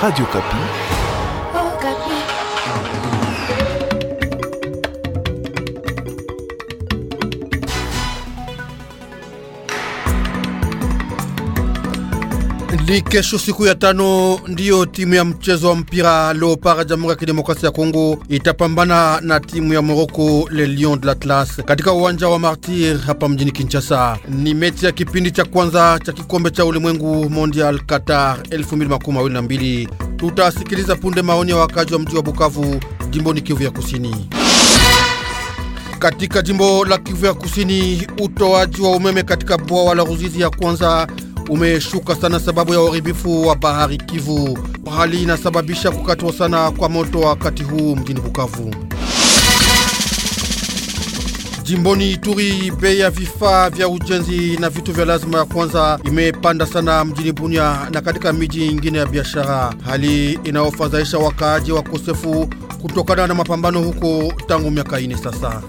Radio Ni kesho siku ya tano ndiyo timu ya mchezo wa mpira Leopard ya Jamhuri ya Kidemokrasia ya Kongo itapambana na timu ya Moroko Le Lion de l'Atlas katika uwanja wa Martir hapa mjini Kinshasa. Ni mechi ya kipindi cha kwanza cha kikombe cha ulimwengu Mondial Qatar 2022. Tutasikiliza punde maoni ya wakaji wa mji wa Bukavu jimboni Kivu ya Kusini. Katika jimbo la Kivu ya Kusini, utoaji wa umeme katika bwawa la Ruzizi ya kwanza umeshuka sana sababu ya uharibifu wa bahari Kivu. Hali inasababisha kukatwa sana kwa moto wakati huu mjini Bukavu. Jimboni Ituri, bei ya vifaa vya ujenzi na vitu vya lazima ya kwanza imepanda sana mjini Bunia na katika miji ingine ya biashara, hali inayofadhaisha wakaaji wa kosefu kutokana na mapambano huko tangu miaka ine sasa.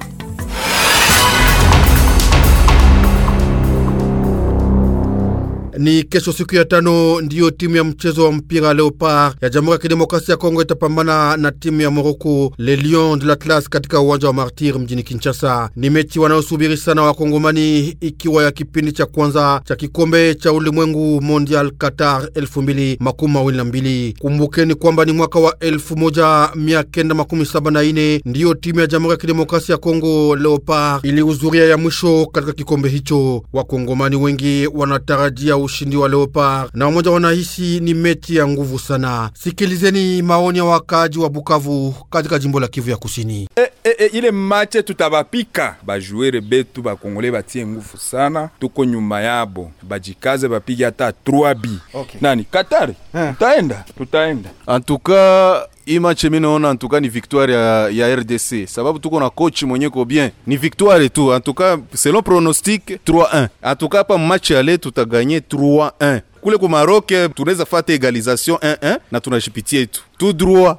Ni kesho siku ya tano ndiyo timu ya mchezo wa mpira Leopard ya Jamhuri ya Kidemokrasia ya Kongo itapambana na timu ya Moroko Le Lion de l'Atlas katika uwanja wa Martir mjini Kinshasa. Ni mechi wanayosubiri sana Wakongomani, ikiwa ya kipindi cha kwanza cha kikombe cha ulimwengu Mondial Qatar 2022. Kumbukeni kwamba ni mwaka wa 1974 ndiyo timu ya Jamhuri ya Kidemokrasia ya Kongo Leopard ilihudhuria ya mwisho katika kikombe hicho. Wakongomani wengi wanatarajia ushindi wa Leopard na wamoja wanahisi ni mechi ya nguvu sana. Sikilizeni maoni ya wakaji wa Bukavu katika jimbo la Kivu ya Kusini. Eh, eh, eh, ile mache tutabapika bajuere betu bakongole batie nguvu sana, tuko nyuma yabo, bajikaze bapige hata 3 b okay. Nani Katari, eh. Tutaenda, tutaenda antuka hii match mimi naona antuka ni victoire ya, ya RDC sababu tuko na coach mwenye ko bien, ni victoire tu antuka selon pronostic 3-1. Antuka hapa match ale tutaganye 3-1 kule ku Maroc tunaweza fata egalisation 1-1 na tunashipitia tu tout droit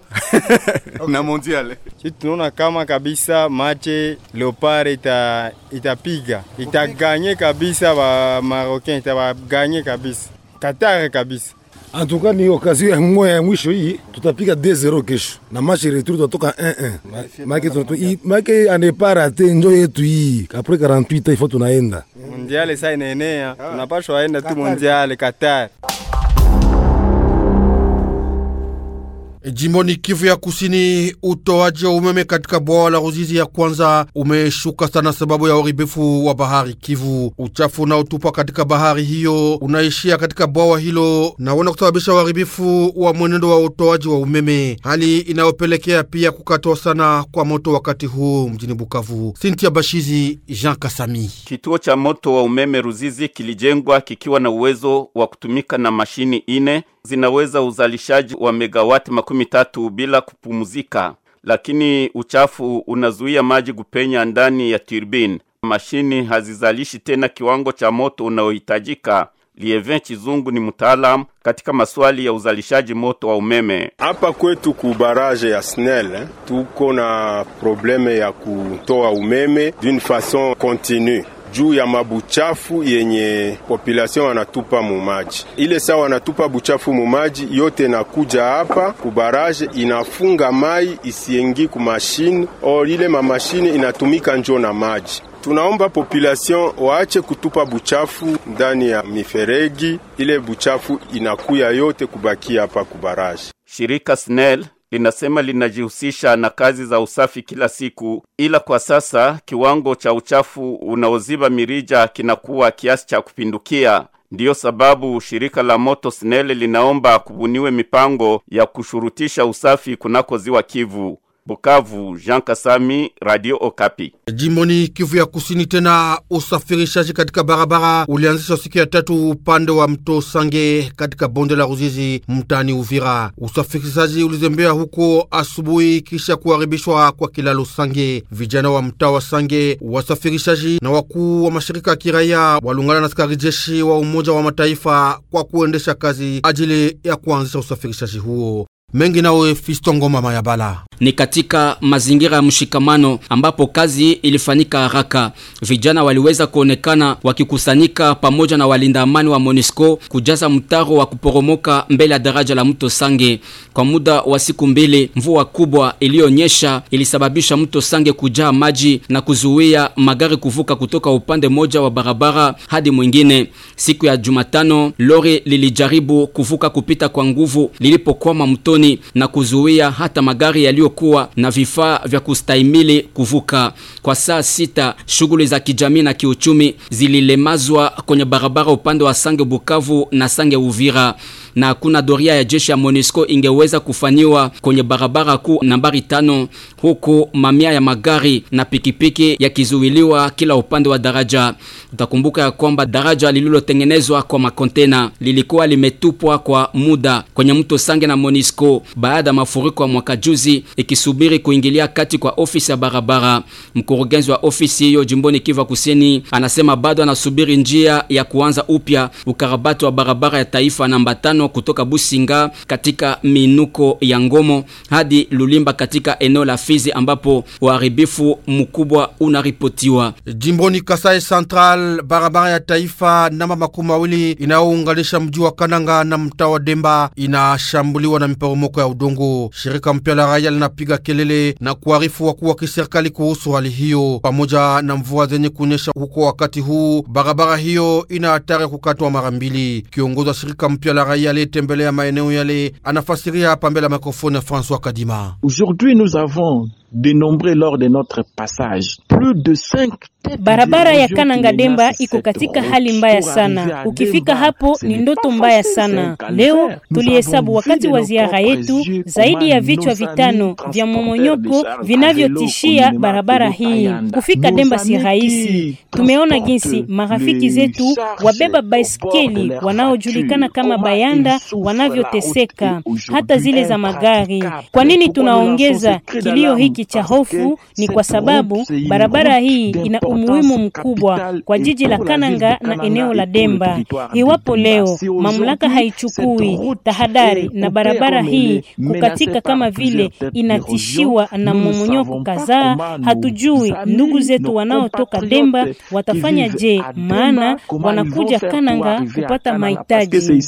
okay. na mondial si tunaona kama kabisa match Leopard ita itapiga itaganye kabisa ba Marocain itabaganye kabisa Qatar kabisa Antuka ni okazio ya mmoja ya mwisho hii, tutapiga 2-0 kesho na machi returu tutatoka 1-1. Make anepara te njo yetu hii, kapre 48 ifo tunaenda mundiale. Sasa inaenea, ah tunapashwa aenda tu mundiale Katari. E, Jimboni Kivu ya Kusini, utoaji wa umeme katika bwawa la Ruzizi ya kwanza umeshuka sana sababu ya uharibifu wa bahari Kivu. Uchafu unaotupwa katika bahari hiyo unaishia katika bwawa hilo na uenda kusababisha uharibifu wa mwenendo wa utoaji wa umeme, hali inayopelekea pia kukatwa sana kwa moto wakati huu mjini Bukavu. Sintia Bashizi, Jean Kasami. Kituo cha moto wa umeme Ruzizi kilijengwa kikiwa na uwezo wa kutumika na mashini ine zinaweza uzalishaji wa megawati makumi mitatu bila kupumzika, lakini uchafu unazuia maji kupenya ndani ya turbine. Mashini hazizalishi tena kiwango cha moto unaohitajika. Lievin Chizungu ni mtaalamu katika maswali ya uzalishaji moto wa umeme. Hapa kwetu ku baraje ya Snel eh, tuko na probleme ya kutoa umeme d'une façon continue juu ya mabuchafu yenye population wanatupa mumaji. Ile saa wanatupa buchafu mumaji yote nakuja hapa kubaraje, inafunga mai isiengi kumashine or ile mamashine inatumika njo na maji. Tunaomba population waache kutupa buchafu ndani ya miferegi, ile buchafu inakuya yote kubakia hapa kubaraje. Shirika SNEL linasema linajihusisha na kazi za usafi kila siku, ila kwa sasa kiwango cha uchafu unaoziba mirija kinakuwa kiasi cha kupindukia. Ndiyo sababu shirika la moto Snele linaomba kubuniwe mipango ya kushurutisha usafi kunako ziwa Kivu. Bukavu, Jean Kasami, Radio Okapi. Jimboni Kivu ya Kusini, tena usafirishaji katika barabara ulianzishwa siku ya tatu upande wa mto Sange katika bonde la Ruzizi mtani Uvira. Usafirishaji ulizembea huko asubuhi kisha kuharibishwa kwa kilalo Sange. Vijana wa mtaa wa Sange, wasafirishaji na wakuu wa mashirika ya kiraia walungana na askari jeshi wa Umoja wa Mataifa kwa kuendesha kazi ajili ya kuanzisha usafirishaji huo mengi nawe Mama ya Bala. Ni katika mazingira ya mshikamano ambapo kazi ilifanyika haraka. Vijana waliweza kuonekana wakikusanyika pamoja na walinda amani wa MONUSCO kujaza mtaro wa kuporomoka mbele ya daraja la mto Sange. Kwa muda wa siku mbili, mvua kubwa iliyonyesha ilisababisha mto Sange kujaa maji na kuzuia magari kuvuka kutoka upande moja wa barabara hadi mwingine. Siku ya Jumatano, lori lilijaribu kuvuka kupita kwa nguvu lilipokwama mtoni barabarani na kuzuia hata magari yaliyokuwa na vifaa vya kustahimili kuvuka. Kwa saa sita, shughuli za kijamii na kiuchumi zililemazwa kwenye barabara upande wa Sange Bukavu na Sange Uvira na hakuna doria ya jeshi ya MONUSCO ingeweza kufanyiwa kwenye barabara kuu nambari tano, huku mamia ya magari na pikipiki yakizuiliwa kila upande wa daraja. Utakumbuka ya kwamba daraja lililotengenezwa kwa makontena lilikuwa limetupwa kwa muda kwenye mto Sange na MONUSCO baada ya mafuriko ya mwaka juzi, ikisubiri kuingilia kati kwa ofisi ya barabara. Mkurugenzi wa ofisi hiyo jimboni Kivu Kusini anasema bado anasubiri njia ya kuanza upya ukarabati wa barabara ya taifa namba tano kutoka Businga katika minuko ya Ngomo hadi Lulimba katika eneo la Fizi ambapo uharibifu mkubwa unaripotiwa. Jimboni Kasai Central, barabara ya taifa namba makumi mawili inayounganisha mji wa Kananga na mtaa wa Demba inashambuliwa na miporomoko ya udongo. Shirika mpya la raia linapiga kelele na kuarifu wakuu wa kiserikali kuhusu hali hiyo. Pamoja na mvua zenye kunyesha huko wakati huu, barabara hiyo ina hatari kukatwa mara mbili. Kiongozi wa shirika mpya la raia aliyetembelea maeneo yale, anafasiria hapa mbele ya mikrofoni ya Francois Kadima. Aujourd'hui nous avons dénombré lors de notre passage. Plus de 5 Barabara ya Kananga Demba iko katika hali mbaya sana. Ukifika hapo ni ndoto mbaya sana. Leo tulihesabu wakati wa ziara yetu zaidi ya vichwa vitano vya momonyoko vinavyotishia barabara hii. Kufika Demba si rahisi. Tumeona jinsi marafiki zetu wabeba baiskeli wanaojulikana kama bayanda wanavyoteseka, hata zile za magari. Kwa nini tunaongeza kilio hiki cha hofu ni kwa sababu barabara hii ina umuhimu mkubwa kwa jiji la Kananga na eneo la Demba. Iwapo leo mamlaka haichukui tahadhari na barabara hii kukatika kama vile inatishiwa na momonyoko kadhaa, hatujui ndugu zetu wanaotoka Demba watafanya je, maana wanakuja Kananga kupata mahitaji.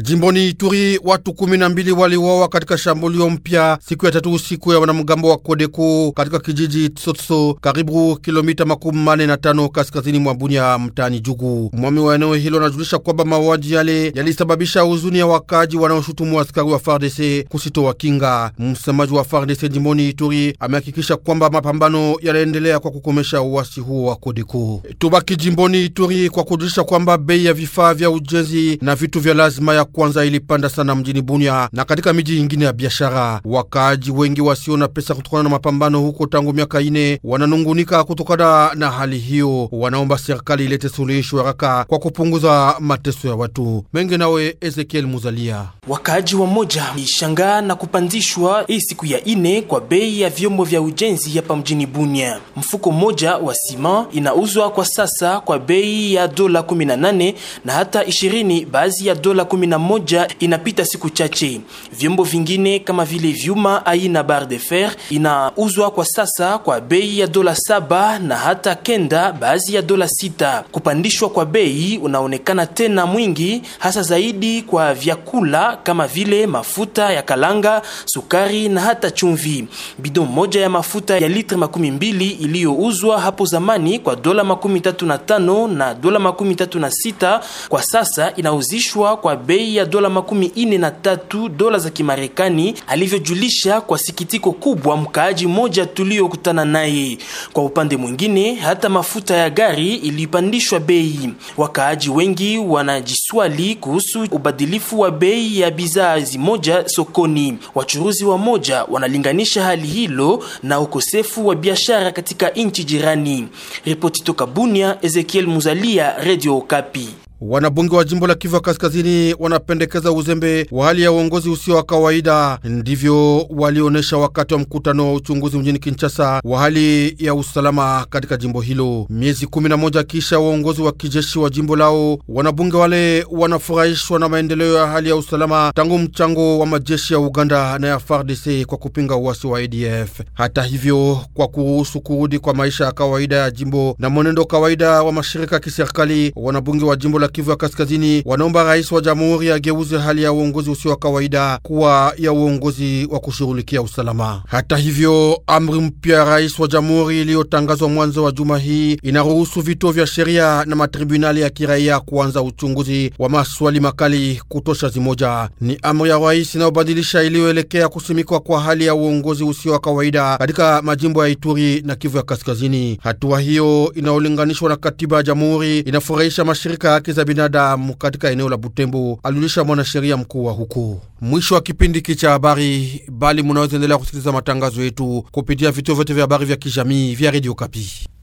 Jimboni Ituri watu kumi na mbili waliuawa katika shambulio mpya siku ya tatu usiku ya wanamgambo wa Kodeko katika kijiji Tsotso karibu kilomita makumi mane na tano kaskazini mwa Bunya mtaani Jugu. Mwami wa eneo hilo anajulisha kwamba mauaji yale yalisababisha huzuni ya wakaji wanaoshutumu askari wa FARDC kusitoa kinga. Msemaji wa FARDC jimboni Ituri amehakikisha kwamba mapambano yanaendelea kwa kukomesha uasi huo wa Kodeko. Tubaki jimboni Ituri kwa kujulisha kwamba bei ya vifaa vya ujenzi na vitu vya lazima ya kwanza ilipanda sana mjini Bunia na katika miji ingine ya biashara. Wakaaji wengi wasio na pesa kutokana na mapambano huko tangu miaka ine wananungunika kutokana na hali hiyo, wanaomba serikali ilete suluhisho haraka kwa kupunguza mateso ya watu mengi. Nawe Ezekiel Muzalia. Wakaaji wa moja ishangaa na kupandishwa hii siku ya ine kwa bei ya vyombo vya ujenzi hapa mjini Bunia. Mfuko moja wa sima inauzwa kwa sasa kwa bei ya dola 18 na hata 20, baadhi ya dola na moja inapita siku chache. Vyombo vingine kama vile vyuma aina bar de fer inauzwa kwa sasa kwa bei ya dola saba na hata kenda, baadhi ya dola sita. Kupandishwa kwa bei unaonekana tena mwingi, hasa zaidi kwa vyakula kama vile mafuta ya kalanga, sukari na hata chumvi. Bidon moja ya mafuta ya litri makumi mbili iliyouzwa hapo zamani kwa dola makumi tatu na tano na dola makumi tatu na sita kwa sasa inauzishwa kwa bei bei ya dola makumi ine na tatu dola za Kimarekani, alivyojulisha kwa sikitiko kubwa mkaaji moja tuliyokutana naye. Kwa upande mwingine, hata mafuta ya gari ilipandishwa bei. Wakaaji wengi wanajiswali kuhusu ubadilifu wa bei ya bidhaa zimoja sokoni. Wachuruzi wa moja wanalinganisha hali hilo na ukosefu wa biashara katika nchi jirani. Ripoti toka Bunia, Ezekiel Muzalia, Radio Okapi. Wanabunge wa jimbo la Kivu Kaskazini wanapendekeza uzembe wa hali ya uongozi usio wa kawaida, ndivyo walionyesha wakati wa mkutano wa uchunguzi mjini Kinshasa wa hali ya usalama katika jimbo hilo. Miezi 11 kisha uongozi wa kijeshi wa jimbo lao, wanabunge wale wanafurahishwa na maendeleo ya hali ya usalama tangu mchango wa majeshi ya Uganda na ya FARDC kwa kupinga uasi wa ADF. Hata hivyo, kwa kuruhusu kurudi kwa maisha ya kawaida ya jimbo na mwenendo kawaida wa mashirika ya kiserikali, wanabunge wa jimbo la Kivu ya Kaskazini wanaomba rais wa jamhuri ageuze hali ya uongozi usio wa kawaida kuwa ya uongozi wa kushughulikia usalama. Hata hivyo, amri mpya ya rais wa jamhuri iliyotangazwa mwanzo wa juma hii inaruhusu vituo vya sheria na matribunali ya kiraia kuanza uchunguzi wa maswali makali kutosha zimoja. Ni amri ya rais inayobadilisha iliyoelekea kusimikwa kwa hali ya uongozi usio wa kawaida katika majimbo ya Ituri na Kivu ya Kaskazini. Hatua hiyo inayolinganishwa na katiba ya jamhuri inafurahisha mashirika yake za binadamu katika eneo la Butembo, alionyesha mwanasheria mkuu wa huko. Mwisho wa kipindi hiki cha habari, bali munaweza endelea kusikiliza matangazo yetu kupitia vituo vyote vya habari vya kijamii vya redio Kapi.